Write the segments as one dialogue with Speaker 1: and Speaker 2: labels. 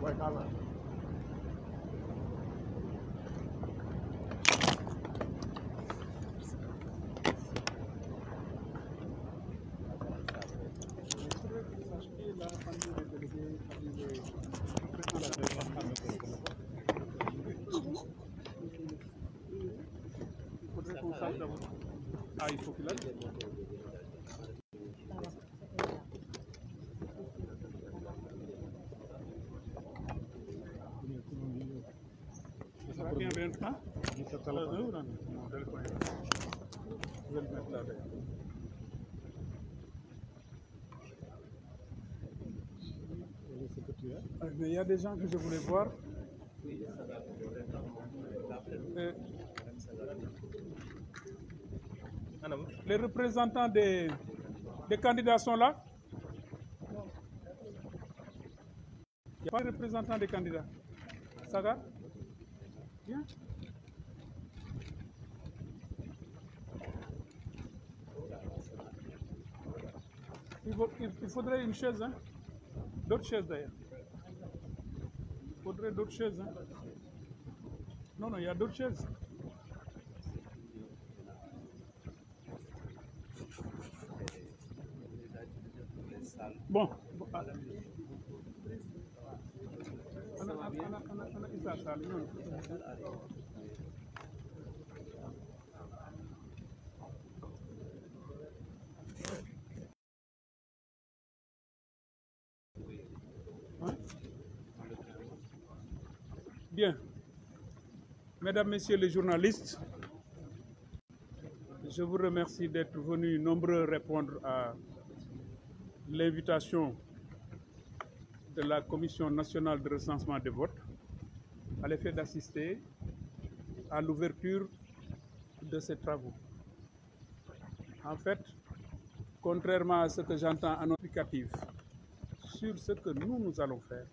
Speaker 1: Guaycala. Ahí popular. il y a des gens que je voulais voir. les représentants des, candidats sont là Il n'y a pas de représentant des candidats. Ça va Ifudre inşez ha. Dört şez de ya. Ifudre dört şez ha. No no ya dört şez. Bon. أنا أنا أنا أنا إذا سألني Mesdames, Messieurs les journalistes, je vous remercie d'être venus nombreux répondre à l'invitation de la Commission nationale de recensement des votes à l'effet d'assister à l'ouverture de ces travaux. En fait, contrairement à ce que j'entends en applicatif, sur ce que nous, nous allons faire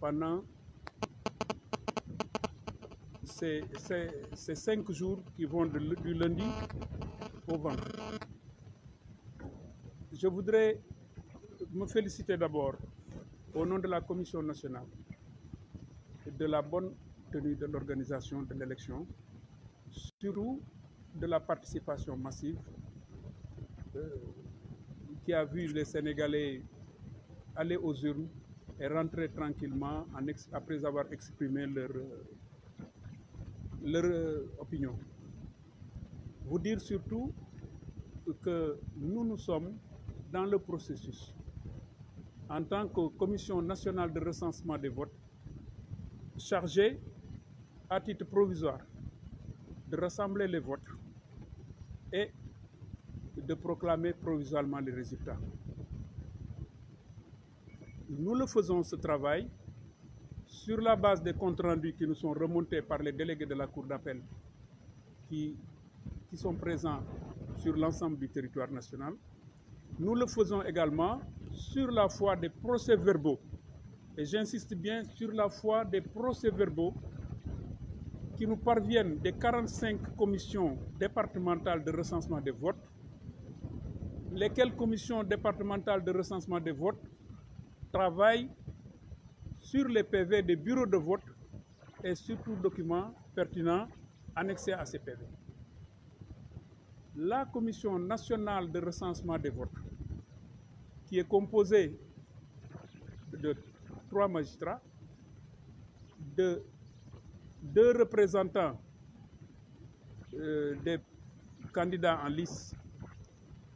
Speaker 1: pendant ces, cinq jours qui vont du lundi au vendredi. Je voudrais me féliciter d'abord au nom de la Commission nationale de la bonne tenue de l'organisation de l'élection, surtout de la participation massive euh, qui a vu les Sénégalais aller aux urnes et rentrer tranquillement après avoir exprimé leur euh, leur euh, opinion. Vous dire surtout que nous, nous sommes dans le processus. En tant que Commission nationale de recensement des votes, chargée à titre provisoire de rassembler les votes et de proclamer provisoirement les résultats. Nous le faisons ce travail sur la base des comptes rendus qui nous sont remontés par les délégués de la Cour d'appel qui, qui sont présents sur l'ensemble du territoire national. Nous le faisons également sur la foi des procès-verbaux. Et j'insiste bien sur la foi des procès-verbaux qui nous parviennent des 45 commissions départementales de recensement des votes, lesquelles commissions départementales de recensement des votes travaillent sur les PV des bureaux de vote et sur tout document pertinent annexé à ces PV. La Commission nationale de recensement des votes, qui est composée de trois magistrats, de deux représentants euh, des candidats en lice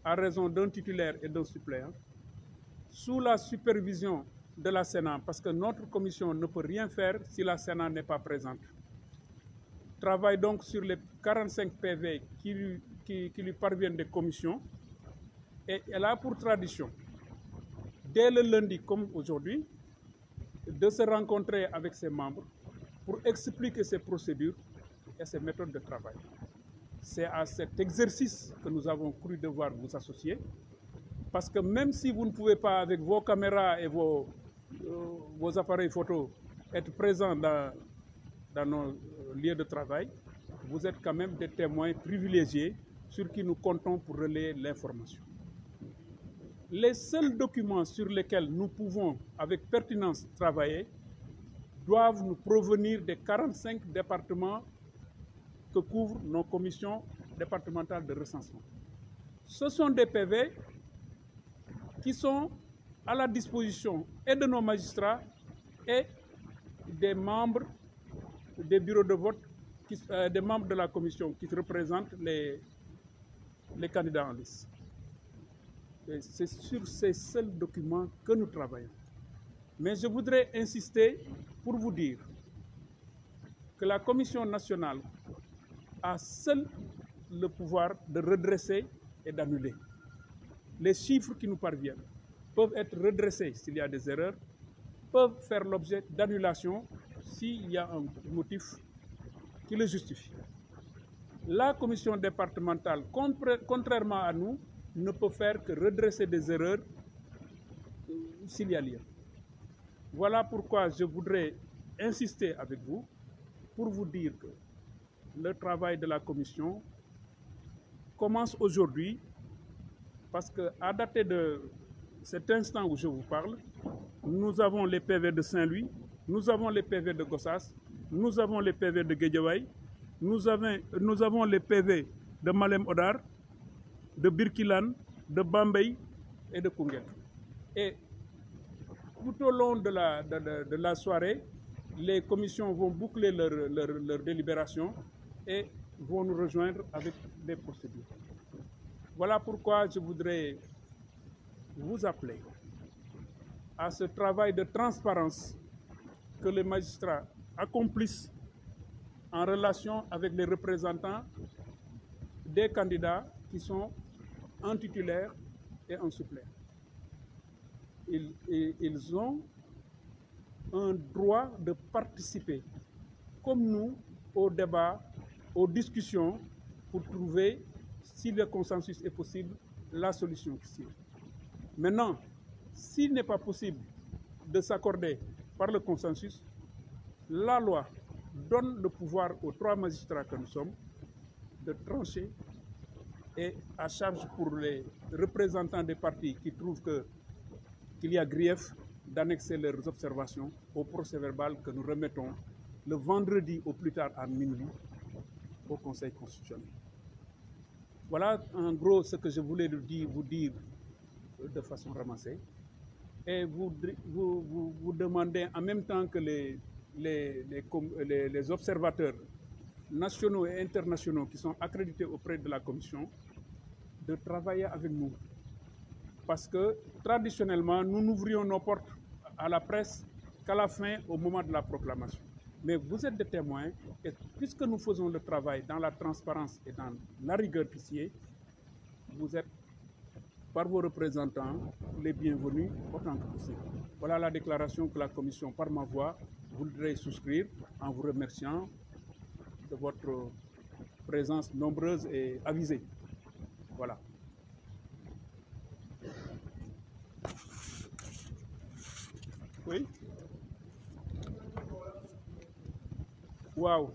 Speaker 1: à raison d'un titulaire et d'un suppléant, sous la supervision de la Sénat, parce que notre commission ne peut rien faire si la Sénat n'est pas présente. Travaille donc sur les 45 PV qui lui, qui, qui lui parviennent des commissions, et elle a pour tradition, dès le lundi comme aujourd'hui, de se rencontrer avec ses membres pour expliquer ses procédures et ses méthodes de travail. C'est à cet exercice que nous avons cru devoir vous associer, parce que même si vous ne pouvez pas, avec vos caméras et vos euh, vos appareils photo, être présents dans, dans nos euh, lieux de travail, vous êtes quand même des témoins privilégiés sur qui nous comptons pour relayer l'information. Les seuls documents sur lesquels nous pouvons avec pertinence travailler doivent nous provenir des 45 départements que couvrent nos commissions départementales de recensement. Ce sont des PV qui sont à la disposition et de nos magistrats et des membres des bureaux de vote, euh, des membres de la commission qui représentent les, candidats en liste. C'est sur ces seuls documents que nous travaillons. Mais je voudrais insister pour vous dire que la Commission nationale a seul le pouvoir de redresser et d'annuler les chiffres qui nous parviennent peuvent être redressés s'il y a des erreurs, peuvent faire l'objet d'annulation s'il y a un motif qui les justifie. La commission départementale, contrairement à nous, ne peut faire que redresser des erreurs euh, s'il y a lieu. Voilà pourquoi je voudrais insister avec vous pour vous dire que le travail de la commission commence aujourd'hui parce qu'à dater de cet instant où je vous parle, nous avons les PV de Saint-Louis, nous avons les PV de Gossas, nous avons les PV de Guédiawaï, nous avons, nous avons les PV de Malem Odar, de Birkilan, de Bambay et de Kungel. Et tout au long de la, de, la soirée, les commissions vont boucler leurs délibérations délibération et vont nous rejoindre avec des procédures. Voilà pourquoi je voudrais vous appeler à ce travail de transparence que les magistrats accomplissent en relation avec les représentants des candidats qui sont en titulaire et en suppléant. Ils, ont un droit de participer, comme nous, au débat, aux discussions, pour trouver, si le consensus est possible, la solution qui Maintenant, s'il n'est pas possible de s'accorder par le consensus, la loi donne le pouvoir aux trois magistrats que nous sommes de trancher et à charge pour les représentants des partis qui trouvent que qu'il y a grief d'annexer leurs observations au procès verbal que nous remettons le vendredi au plus tard à minuit au Conseil constitutionnel. Voilà en gros ce que je voulais vous dire de façon ramassée. Et vous, vous, vous, demandez en même temps que les, les, les, observateurs nationaux et internationaux qui sont accrédités auprès de la Commission de travailler avec nous. Parce que traditionnellement, nous n'ouvrions nos portes à la presse qu'à la fin, au moment de la proclamation. Mais vous êtes des témoins et puisque nous faisons le travail dans la transparence et dans la rigueur qui vous êtes par vos représentants les bienvenus autant que possible. Voilà la déclaration que la Commission, par ma voix, voudrait souscrire en vous remerciant de votre présence nombreuse et avisée. Voilà. Oui. waouh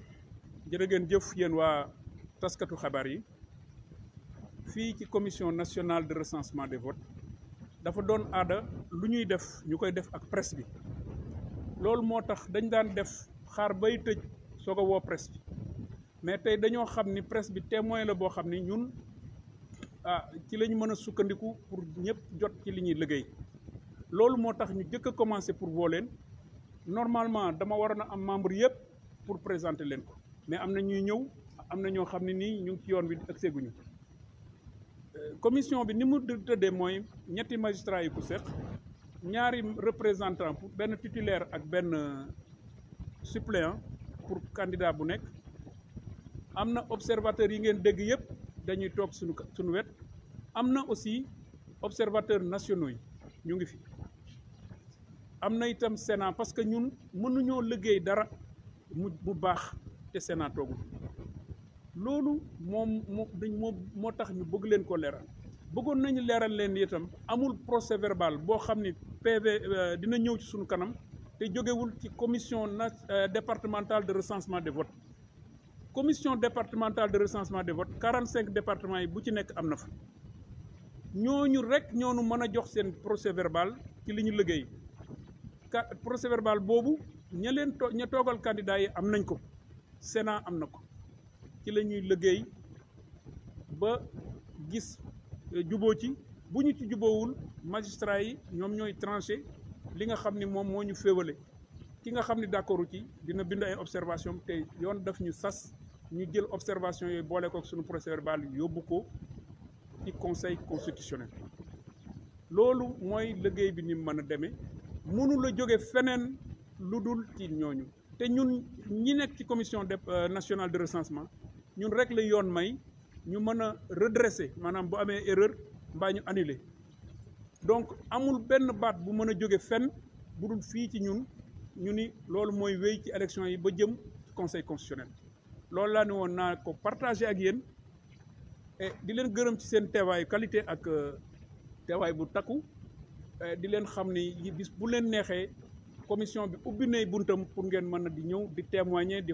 Speaker 1: Je vous remercie fii ci commission nationale de recensement des votes dafa doon aada lu ñuy def ñu koy def ak presse bi loolu moo tax dañ daan def xaar bay tëj soog a woo presse bi mais tey dañoo xam ni presse bi témoin la boo xam ni ñun ah ci lañ mën a sukkandiku pour ñëpp jot ci li ñuy liggéey loolu moo tax ñu jëkk a commencé pour woo leen normalement dama waroon a am membre yëpp pour présenter leen ko mais am na ñuy ñëw am na ñoo xam ne nii ñu ngi ci yoon bi ak commission bi ni mu tëddee mooy ñetti magistrat yi ku seq ñaari représentant pour benn titulaire ak benn suppléant pour candidat bu nekk am na observateur yi ngeen dégg yëpp dañuy toog suñu suñu wet am na aussi observateur nationaux yi ñu ngi fi am na itam Sénat parce que ñun mënuñoo liggéey dara mu mu baax te Sénat toogul loolu moom moo dañ moo moo tax ñu bëgg leen ko leeral bëggoon nañu leeral leen itam amul procès verbal boo xam ni PV euh, dina ñëw ci suñu kanam te jógewul ci commission euh, départementale de recensement des votes commission départementale de recensement des votes 45 départements yi bu ci nekk am na fa ñooñu rek ñoonu mën a jox seen procès verbal ci li ñu Le procès verbal boobu ña leen ña toogal candidat yi am nañ ko Sénat am na ko ci lañuy ñuy liggéey ba gis euh, juboo ci bu ñu ci juboowul magistrat yi ñoom ñooy tranché li nga xam ni moom moo ñu féewale ki nga xam ni d'accordu ci dina bind ay observation te yoon daf ñu sas ñu jël observation yooyu boole ko suñu procès verbal yóbbu ko ci conseil constitutionnel loolu mooy liggéey bi ni mën a demee mënul a jóge feneen lu dul ci ñooñu te ñun ñi nekk ci commission euh, nationale de recensement ñun rek la yoon redresser maanaam bu erreur annuler donc amul benn baat bu mën a fenn bu dul ci ñun élection conseil constitutionnel Nous laa nous woon partager ak et di leen qualité ak euh, teewaay bu takku di leen commission bi ubbi buntam pour témoigner di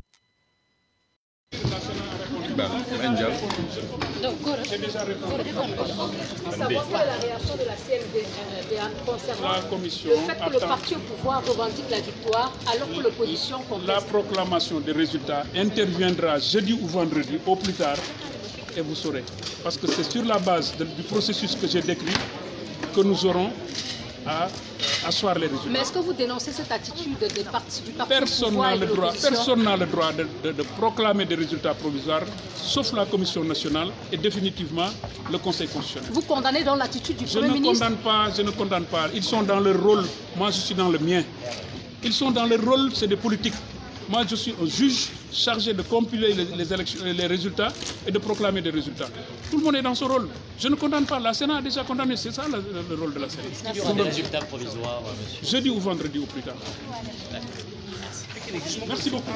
Speaker 1: donc savoir quelle est la réaction de la concernant commission le fait que le parti au pouvoir revendique la victoire alors que l'opposition conteste. La proclamation des résultats interviendra jeudi ou vendredi au plus tard et vous saurez. Parce que c'est sur la base du processus que j'ai décrit que nous aurons à mais est-ce que vous dénoncez cette attitude des du parti Personne n'a le, droit, personne n'a le droit de, proclamer des résultats provisoires, sauf la Commission nationale et définitivement le Conseil constitutionnel. Vous condamnez dans l'attitude du je ne condamne pas, Je ne condamne pas. Ils sont dans leur rôle. Moi, je suis dans le mien. Ils sont dans leur rôle, c'est des politiques. Moi, je suis un juge chargé de compiler les, les, élections, euh, les résultats et de proclamer des résultats. Tout le monde est dans ce rôle. Je ne condamne pas. La Sénat a déjà condamné. C'est ça le, rôle de la Sénat. Est-ce qu'il y aura des résultats provisoires, euh, monsieur Jeudi ou vendredi ou plus tard. Merci beaucoup.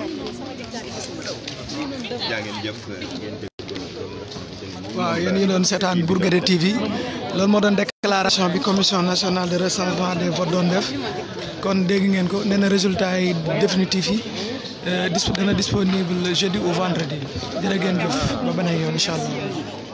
Speaker 1: waaw yéen une certaine seetaan de TV Le moo doon déclaration la commission nationale de recensement des votes de def kon dégg un résultat définitif Euh, dis dana disponible jeudi ou vendredi jërë ngeen jëf ba beneen yoon incha allah.